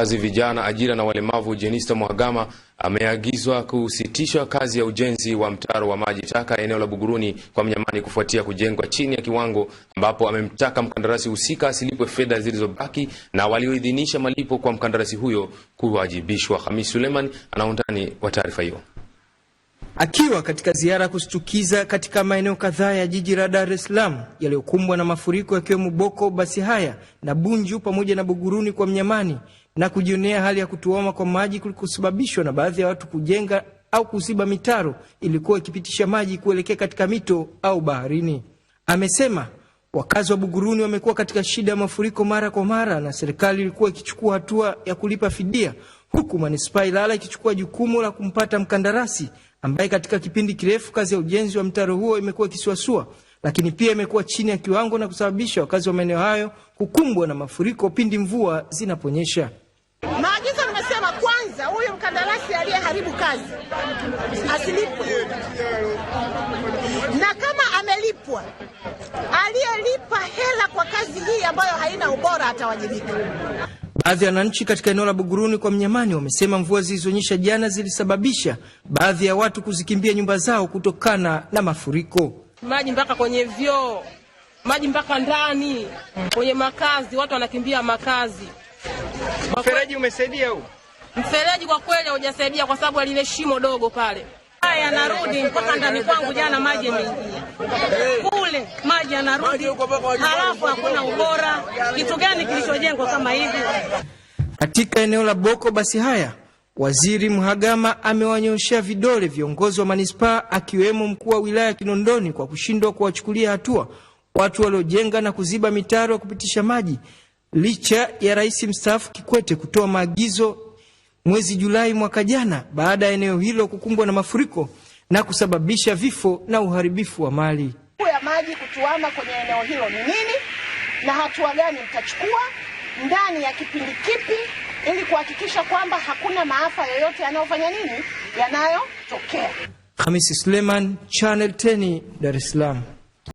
kazi vijana ajira na walemavu Jenista Mhagama ameagizwa kusitishwa kazi ya ujenzi wa mtaro wa maji taka eneo la Buguruni kwa Mnyamani kufuatia kujengwa chini ya kiwango, ambapo amemtaka mkandarasi husika asilipwe fedha zilizobaki na walioidhinisha malipo kwa mkandarasi huyo kuwajibishwa. Hamis Suleiman anaundani wa taarifa hiyo. Akiwa katika ziara ya kushtukiza katika maeneo kadhaa ya jiji la Dar es Salaam yaliyokumbwa na mafuriko yakiwemo Boko, Basi haya na Bunju pamoja na Buguruni kwa Mnyamani, na kujionea hali ya kutuoma kwa maji kulikosababishwa na baadhi ya watu kujenga au kuziba mitaro ilikuwa ikipitisha maji kuelekea katika mito au baharini. Amesema wakazi wa Buguruni wamekuwa katika shida ya mafuriko mara kwa mara, na serikali ilikuwa ikichukua hatua ya kulipa fidia, huku manispaa Ilala ikichukua jukumu la kumpata mkandarasi ambaye katika kipindi kirefu kazi ya ujenzi wa mtaro huo imekuwa ikisuasua, lakini pia imekuwa chini ya kiwango na kusababisha wakazi wa maeneo hayo kukumbwa na mafuriko pindi mvua zinaponyesha. Maagizo nimesema kwanza, huyu mkandarasi aliyeharibu kazi asilipwe, na kama amelipwa, aliyelipa hela kwa kazi hii ambayo haina ubora atawajibika. Baadhi ya wananchi katika eneo la Buguruni kwa Mnyamani wamesema mvua zilizonyesha jana zilisababisha baadhi ya watu kuzikimbia nyumba zao kutokana na mafuriko. Maji mpaka kwenye vyoo, maji mpaka ndani kwenye makazi, watu wanakimbia makazi. Mfereji umesaidia huu? Mfereji kwa kweli hujasaidia kwa sababu alile shimo dogo pale. Haya, anarudi mpaka ndani kwangu, jana maji yameingia kule, maji yanarudi, halafu hakuna ubora. Kitu gani kilichojengwa kama hivi katika eneo la Boko? Basi haya Waziri Mhagama amewanyoshea vidole viongozi wa manispaa akiwemo mkuu wa wilaya Kinondoni kwa kushindwa kuwachukulia hatua watu waliojenga na kuziba mitaro ya kupitisha maji licha ya rais mstaafu Kikwete kutoa maagizo mwezi Julai mwaka jana baada ya eneo hilo kukumbwa na mafuriko na kusababisha vifo na uharibifu wa mali. ya maji kutuama kwenye eneo hilo ni nini na hatua gani mtachukua ndani ya kipindi kipi ili kuhakikisha kwamba hakuna maafa yoyote yanayofanya nini yanayotokea. Hamisi Suleiman, Channel 10, Dar es Salaam.